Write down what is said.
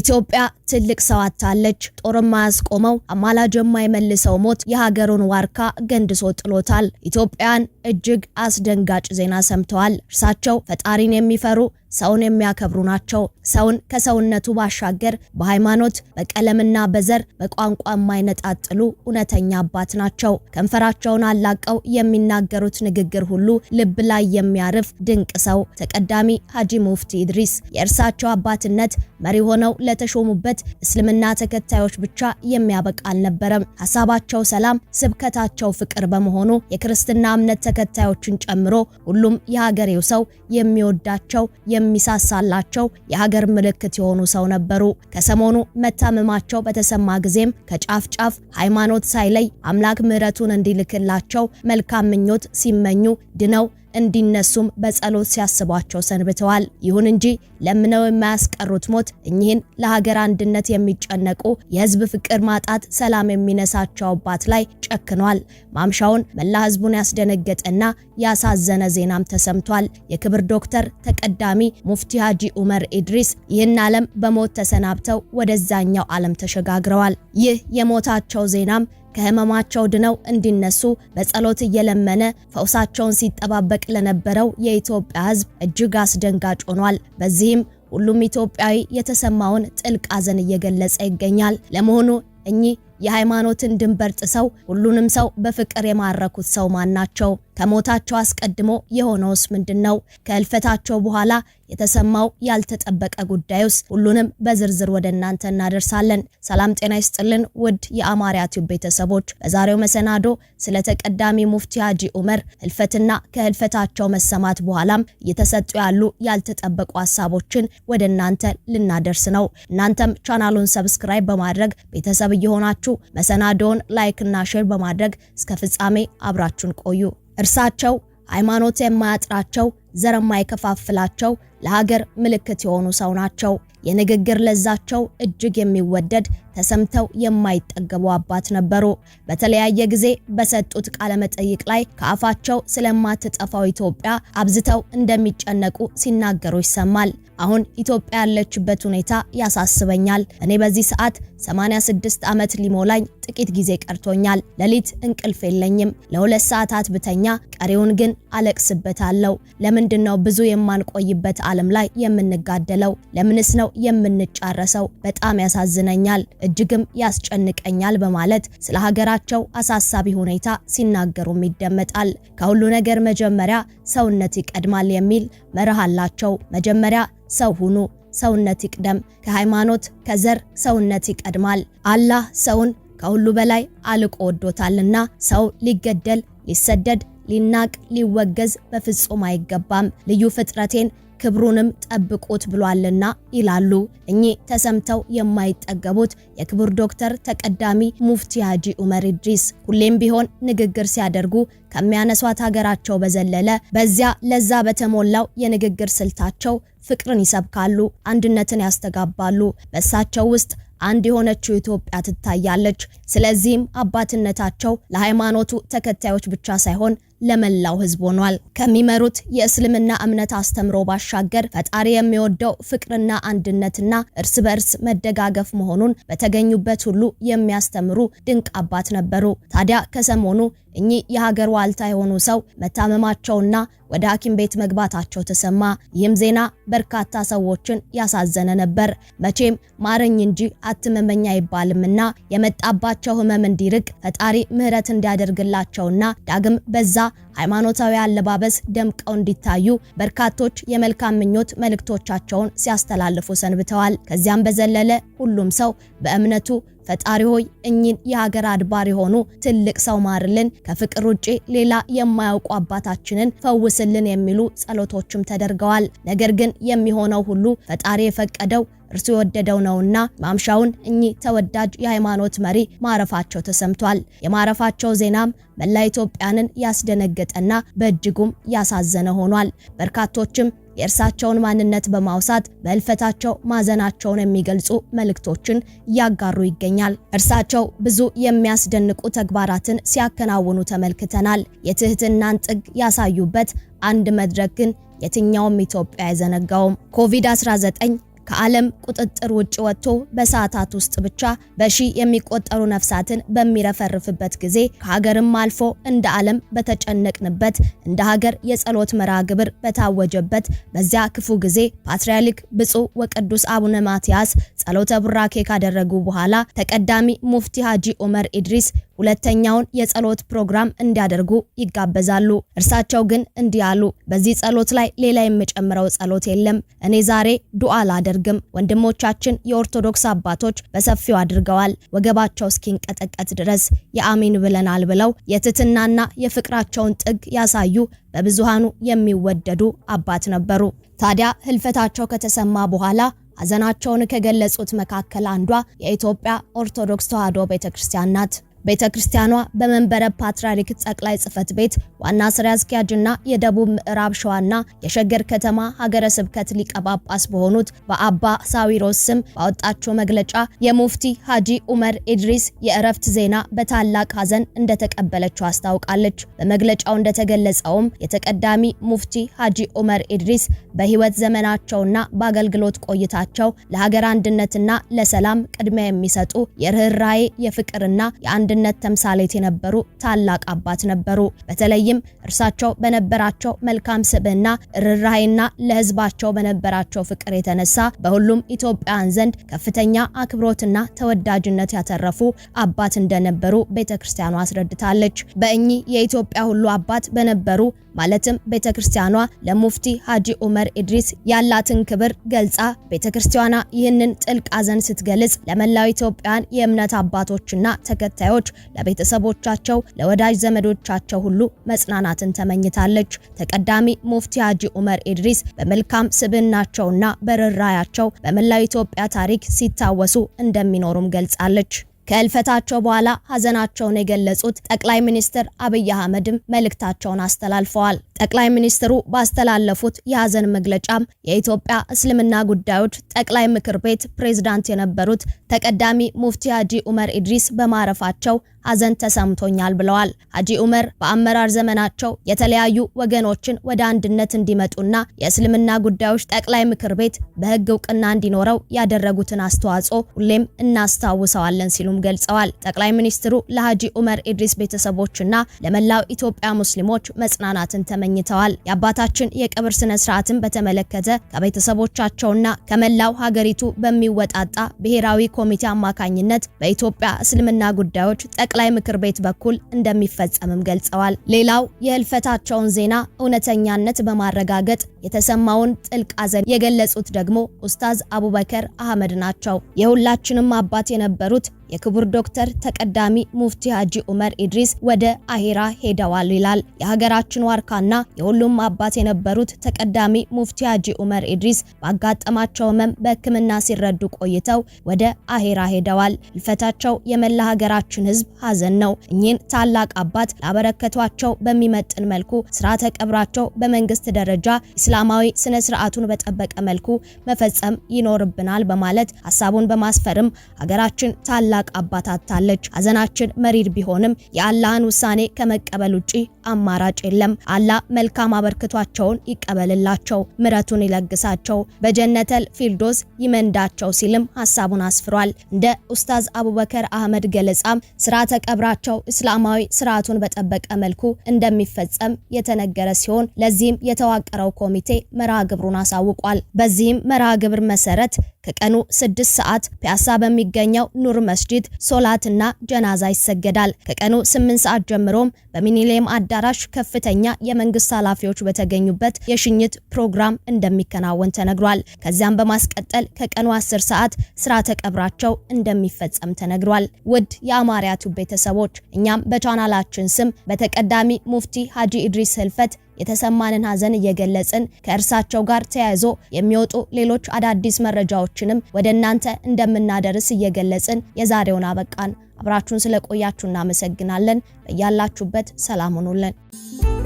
ኢትዮጵያ ትልቅ ሰው አታለች። ጦርም አያስቆመው አማላጅ የማይመልሰው ሞት የሀገሩን ዋርካ ገንድሶ ጥሎታል። ኢትዮጵያን እጅግ አስደንጋጭ ዜና ሰምተዋል። እርሳቸው ፈጣሪን የሚፈሩ ሰውን የሚያከብሩ ናቸው። ሰውን ከሰውነቱ ባሻገር በሃይማኖት በቀለምና በዘር በቋንቋ የማይነጣጥሉ እውነተኛ አባት ናቸው። ከንፈራቸውን አላቀው የሚናገሩት ንግግር ሁሉ ልብ ላይ የሚያርፍ ድንቅ ሰው ተቀዳሚ ሀጂ ሙፍቲ ኢድሪስ የእርሳቸው አባትነት መሪ ሆነው ለተሾሙበት ማለት እስልምና ተከታዮች ብቻ የሚያበቃ አልነበረም። ሀሳባቸው ሰላም፣ ስብከታቸው ፍቅር በመሆኑ የክርስትና እምነት ተከታዮችን ጨምሮ ሁሉም የሀገሬው ሰው የሚወዳቸው የሚሳሳላቸው የሀገር ምልክት የሆኑ ሰው ነበሩ። ከሰሞኑ መታመማቸው በተሰማ ጊዜም ከጫፍ ጫፍ ሃይማኖት ሳይለይ አምላክ ምሕረቱን እንዲልክላቸው መልካም ምኞት ሲመኙ ድነው እንዲነሱም በጸሎት ሲያስቧቸው ሰንብተዋል። ይሁን እንጂ ለምነው የማያስቀሩት ሞት እኚህን ለሀገር አንድነት የሚጨነቁ የህዝብ ፍቅር ማጣት ሰላም የሚነሳቸው አባት ላይ ጨክኗል። ማምሻውን መላ ህዝቡን ያስደነገጠና ያሳዘነ ዜናም ተሰምቷል። የክብር ዶክተር ተቀዳሚ ሙፍቲ ሀጂ ኡመር ኢድሪስ ይህን ዓለም በሞት ተሰናብተው ወደዛኛው ዓለም ተሸጋግረዋል። ይህ የሞታቸው ዜናም ከህመማቸው ድነው እንዲነሱ በጸሎት እየለመነ ፈውሳቸውን ሲጠባበቅ ለነበረው የኢትዮጵያ ህዝብ እጅግ አስደንጋጭ ሆኗል። በዚህም ሁሉም ኢትዮጵያዊ የተሰማውን ጥልቅ ሐዘን እየገለጸ ይገኛል። ለመሆኑ እኚህ የሃይማኖትን ድንበር ጥሰው ሁሉንም ሰው በፍቅር የማረኩት ሰው ማን ናቸው? ከሞታቸው አስቀድሞ የሆነውስ ምንድን ነው? ከህልፈታቸው በኋላ የተሰማው ያልተጠበቀ ጉዳዩስ? ሁሉንም በዝርዝር ወደ እናንተ እናደርሳለን። ሰላም ጤና ይስጥልን ውድ የአማርያ ቲዩብ ቤተሰቦች፣ በዛሬው መሰናዶ ስለ ተቀዳሚ ሙፍቲ ሀጂ ኡመር ህልፈትና ከህልፈታቸው መሰማት በኋላም እየተሰጡ ያሉ ያልተጠበቁ ሀሳቦችን ወደ እናንተ ልናደርስ ነው። እናንተም ቻናሉን ሰብስክራይብ በማድረግ ቤተሰብ እየሆናችሁ ከሆናችሁ መሰናዶውን ላይክና ሼር በማድረግ እስከ ፍጻሜ አብራችሁን ቆዩ። እርሳቸው ሃይማኖት የማያጥራቸው ዘር የማይከፋፍላቸው ለሀገር ምልክት የሆኑ ሰው ናቸው። የንግግር ለዛቸው እጅግ የሚወደድ ተሰምተው የማይጠገቡ አባት ነበሩ። በተለያየ ጊዜ በሰጡት ቃለ መጠይቅ ላይ ከአፋቸው ስለማትጠፋው ኢትዮጵያ አብዝተው እንደሚጨነቁ ሲናገሩ ይሰማል። አሁን ኢትዮጵያ ያለችበት ሁኔታ ያሳስበኛል። እኔ በዚህ ሰዓት 86 ዓመት ሊሞላኝ ጥቂት ጊዜ ቀርቶኛል። ሌሊት እንቅልፍ የለኝም። ለሁለት ሰዓታት ብተኛ፣ ቀሪውን ግን አለቅስበታለሁ። ለምንድን ነው ብዙ የማንቆይበት ዓለም ላይ የምንጋደለው? ለምንስ ነው የምንጫረሰው? በጣም ያሳዝነኛል። እጅግም ያስጨንቀኛል በማለት ስለ ሀገራቸው አሳሳቢ ሁኔታ ሲናገሩም ይደመጣል። ከሁሉ ነገር መጀመሪያ ሰውነት ይቀድማል የሚል መርህ አላቸው። መጀመሪያ ሰው ሁኑ፣ ሰውነት ይቅደም። ከሃይማኖት ከዘር ሰውነት ይቀድማል። አላህ ሰውን ከሁሉ በላይ አልቆ ወዶታልና ሰው ሊገደል፣ ሊሰደድ፣ ሊናቅ፣ ሊወገዝ በፍጹም አይገባም። ልዩ ፍጥረቴን ክብሩንም ጠብቁት ብሏልና ይላሉ እኚህ ተሰምተው የማይጠገቡት የክቡር ዶክተር ተቀዳሚ ሙፍቲ ሀጂ ኡመር ኢድሪስ። ሁሌም ቢሆን ንግግር ሲያደርጉ ከሚያነሷት ሀገራቸው በዘለለ በዚያ ለዛ በተሞላው የንግግር ስልታቸው ፍቅርን ይሰብካሉ፣ አንድነትን ያስተጋባሉ። በእሳቸው ውስጥ አንድ የሆነችው ኢትዮጵያ ትታያለች። ስለዚህም አባትነታቸው ለሃይማኖቱ ተከታዮች ብቻ ሳይሆን ለመላው ሕዝብ ሆኗል። ከሚመሩት የእስልምና እምነት አስተምሮ ባሻገር ፈጣሪ የሚወደው ፍቅርና አንድነትና እርስ በእርስ መደጋገፍ መሆኑን በተገኙበት ሁሉ የሚያስተምሩ ድንቅ አባት ነበሩ። ታዲያ ከሰሞኑ እኚህ የሀገር ዋልታ የሆኑ ሰው መታመማቸውና ወደ ሐኪም ቤት መግባታቸው ተሰማ። ይህም ዜና በርካታ ሰዎችን ያሳዘነ ነበር። መቼም ማረኝ እንጂ አትመመኝ አይባልምና የመጣባቸው ህመም እንዲርቅ ፈጣሪ ምሕረት እንዲያደርግላቸውና ዳግም በዛ ሃይማኖታዊ አለባበስ ደምቀው እንዲታዩ በርካቶች የመልካም ምኞት መልእክቶቻቸውን ሲያስተላልፉ ሰንብተዋል። ከዚያም በዘለለ ሁሉም ሰው በእምነቱ ፈጣሪ ሆይ እኚህን የሀገር አድባር የሆኑ ትልቅ ሰው ማርልን፣ ከፍቅር ውጪ ሌላ የማያውቁ አባታችንን ፈውስልን የሚሉ ጸሎቶችም ተደርገዋል። ነገር ግን የሚሆነው ሁሉ ፈጣሪ የፈቀደው እርሱ የወደደው ነውና ማምሻውን እኚህ ተወዳጅ የሃይማኖት መሪ ማረፋቸው ተሰምቷል። የማረፋቸው ዜናም መላ ኢትዮጵያንን ያስደነገጠና በእጅጉም ያሳዘነ ሆኗል። በርካቶችም የእርሳቸውን ማንነት በማውሳት በህልፈታቸው ማዘናቸውን የሚገልጹ መልእክቶችን እያጋሩ ይገኛል። እርሳቸው ብዙ የሚያስደንቁ ተግባራትን ሲያከናውኑ ተመልክተናል። የትህትናን ጥግ ያሳዩበት አንድ መድረክ ግን የትኛውም ኢትዮጵያ አይዘነጋውም። ኮቪድ-19 ከዓለም ቁጥጥር ውጭ ወጥቶ በሰዓታት ውስጥ ብቻ በሺ የሚቆጠሩ ነፍሳትን በሚረፈርፍበት ጊዜ ከሀገርም አልፎ እንደ ዓለም በተጨነቅንበት እንደ ሀገር የጸሎት መርሃ ግብር በታወጀበት በዚያ ክፉ ጊዜ ፓትርያርክ ብፁዕ ወቅዱስ አቡነ ማትያስ ጸሎተ ቡራኬ ካደረጉ በኋላ ተቀዳሚ ሙፍቲ ሀጂ ኡመር ኢድሪስ ሁለተኛውን የጸሎት ፕሮግራም እንዲያደርጉ ይጋበዛሉ። እርሳቸው ግን እንዲህ አሉ። በዚህ ጸሎት ላይ ሌላ የምጨምረው ጸሎት የለም። እኔ ዛሬ ዱዓ ላደርግ አናደርግም። ወንድሞቻችን የኦርቶዶክስ አባቶች በሰፊው አድርገዋል። ወገባቸው እስኪንቀጠቀጥ ድረስ የአሜን ብለናል ብለው የትትናና የፍቅራቸውን ጥግ ያሳዩ በብዙሃኑ የሚወደዱ አባት ነበሩ። ታዲያ ህልፈታቸው ከተሰማ በኋላ ሀዘናቸውን ከገለጹት መካከል አንዷ የኢትዮጵያ ኦርቶዶክስ ተዋሕዶ ቤተክርስቲያን ናት። ቤተ ክርስቲያኗ በመንበረ ፓትርያርክ ጠቅላይ ጽሕፈት ቤት ዋና ስራ አስኪያጅና የደቡብ ምዕራብ ሸዋና የሸገር ከተማ ሀገረ ስብከት ሊቀ ጳጳስ በሆኑት በአባ ሳዊሮስ ስም ባወጣቸው መግለጫ የሙፍቲ ሀጂ ኡመር ኢድሪስ የእረፍት ዜና በታላቅ ሐዘን እንደተቀበለችው አስታውቃለች። በመግለጫው እንደተገለጸውም የተቀዳሚ ሙፍቲ ሀጂ ኡመር ኢድሪስ በህይወት ዘመናቸውና በአገልግሎት ቆይታቸው ለሀገር አንድነትና ለሰላም ቅድሚያ የሚሰጡ የርኅራዬ የፍቅርና የአንድ የአንድነት ተምሳሌት የነበሩ ታላቅ አባት ነበሩ። በተለይም እርሳቸው በነበራቸው መልካም ስብዕና፣ ርኅራኄና ለህዝባቸው በነበራቸው ፍቅር የተነሳ በሁሉም ኢትዮጵያውያን ዘንድ ከፍተኛ አክብሮትና ተወዳጅነት ያተረፉ አባት እንደነበሩ ቤተክርስቲያኗ አስረድታለች። በእኚህ የኢትዮጵያ ሁሉ አባት በነበሩ ማለትም ቤተክርስቲያኗ ለሙፍቲ ሀጂ ኡመር ኢድሪስ ያላትን ክብር ገልጻ ቤተክርስቲያኗ ይህንን ጥልቅ አዘን ስትገልጽ ለመላው ኢትዮጵያውያን የእምነት አባቶችና ተከታዮች ሰዎች፣ ለቤተሰቦቻቸው፣ ለወዳጅ ዘመዶቻቸው ሁሉ መጽናናትን ተመኝታለች። ተቀዳሚ ሙፍቲ ሀጂ ኡመር ኢድሪስ በመልካም ስብዕናቸውና በርኅራኄያቸው በመላው ኢትዮጵያ ታሪክ ሲታወሱ እንደሚኖሩም ገልጻለች። ከእልፈታቸው በኋላ ሀዘናቸውን የገለጹት ጠቅላይ ሚኒስትር አብይ አህመድም መልእክታቸውን አስተላልፈዋል። ጠቅላይ ሚኒስትሩ ባስተላለፉት የሀዘን መግለጫም የኢትዮጵያ እስልምና ጉዳዮች ጠቅላይ ምክር ቤት ፕሬዝዳንት የነበሩት ተቀዳሚ ሙፍቲ ሀጂ ኡመር ኢድሪስ በማረፋቸው ሐዘን ተሰምቶኛል ብለዋል። ሀጂ ዑመር በአመራር ዘመናቸው የተለያዩ ወገኖችን ወደ አንድነት እንዲመጡና የእስልምና ጉዳዮች ጠቅላይ ምክር ቤት በህግ እውቅና እንዲኖረው ያደረጉትን አስተዋጽኦ ሁሌም እናስታውሰዋለን ሲሉም ገልጸዋል። ጠቅላይ ሚኒስትሩ ለሀጂ ዑመር ኢድሪስ ቤተሰቦችና ለመላው ኢትዮጵያ ሙስሊሞች መጽናናትን ተመኝተዋል። የአባታችን የቀብር ስነ ስርዓትን በተመለከተ ከቤተሰቦቻቸውና ከመላው ሀገሪቱ በሚወጣጣ ብሔራዊ ኮሚቴ አማካኝነት በኢትዮጵያ እስልምና ጉዳዮች ጠቅላይ ጠቅላይ ምክር ቤት በኩል እንደሚፈጸምም ገልጸዋል። ሌላው የህልፈታቸውን ዜና እውነተኛነት በማረጋገጥ የተሰማውን ጥልቅ ሐዘን የገለጹት ደግሞ ኡስታዝ አቡበከር አህመድ ናቸው። የሁላችንም አባት የነበሩት የክቡር ዶክተር ተቀዳሚ ሙፍቲ ሀጂ ዑመር ኢድሪስ ወደ አሂራ ሄደዋል ይላል የሀገራችን ዋርካና የሁሉም አባት የነበሩት ተቀዳሚ ሙፍቲ ሀጂ ዑመር ኢድሪስ ባጋጠማቸው ሕመም በሕክምና ሲረዱ ቆይተው ወደ አሂራ ሄደዋል። ህልፈታቸው የመላ ሀገራችን ህዝብ ሐዘን ነው። እኚህን ታላቅ አባት ላበረከቷቸው በሚመጥን መልኩ ስርዓተ ቀብራቸው በመንግስት ደረጃ እስላማዊ ስነ ስርዓቱን በጠበቀ መልኩ መፈጸም ይኖርብናል በማለት ሀሳቡን በማስፈርም ሀገራችን ታላቅ አባት አጥታለች። ሀዘናችን መሪር ቢሆንም የአላህን ውሳኔ ከመቀበል ውጪ አማራጭ የለም። አላህ መልካም አበርክቷቸውን ይቀበልላቸው፣ ምረቱን ይለግሳቸው፣ በጀነተል ፊልዶስ ይመንዳቸው ሲልም ሀሳቡን አስፍሯል። እንደ ኡስታዝ አቡበከር አህመድ ገለጻም ስርዓተ ቀብራቸው እስላማዊ ስርዓቱን በጠበቀ መልኩ እንደሚፈጸም የተነገረ ሲሆን ለዚህም የተዋቀረው ኮሚ ኮሚቴ መርሃ ግብሩን አሳውቋል። በዚህም መርሃ ግብር መሰረት ከቀኑ ስድስት ሰዓት ፒያሳ በሚገኘው ኑር መስጂድ ሶላትና ጀናዛ ይሰገዳል። ከቀኑ ስምንት ሰዓት ጀምሮም በሚኒሌም አዳራሽ ከፍተኛ የመንግስት ኃላፊዎች በተገኙበት የሽኝት ፕሮግራም እንደሚከናወን ተነግሯል። ከዚያም በማስቀጠል ከቀኑ አስር ሰዓት ስርዓተ ቀብራቸው እንደሚፈጸም ተነግሯል። ውድ የአማርያ ቤተሰቦች እኛም በቻናላችን ስም በተቀዳሚ ሙፍቲ ሀጂ ኢድሪስ ህልፈት የተሰማንን ሀዘን እየገለጽን ከእርሳቸው ጋር ተያይዞ የሚወጡ ሌሎች አዳዲስ መረጃዎች መረጃዎችንም ወደ እናንተ እንደምናደርስ እየገለጽን የዛሬውን አበቃን። አብራችሁን ስለቆያችሁ እናመሰግናለን። በያላችሁበት ሰላም ሁኑልን።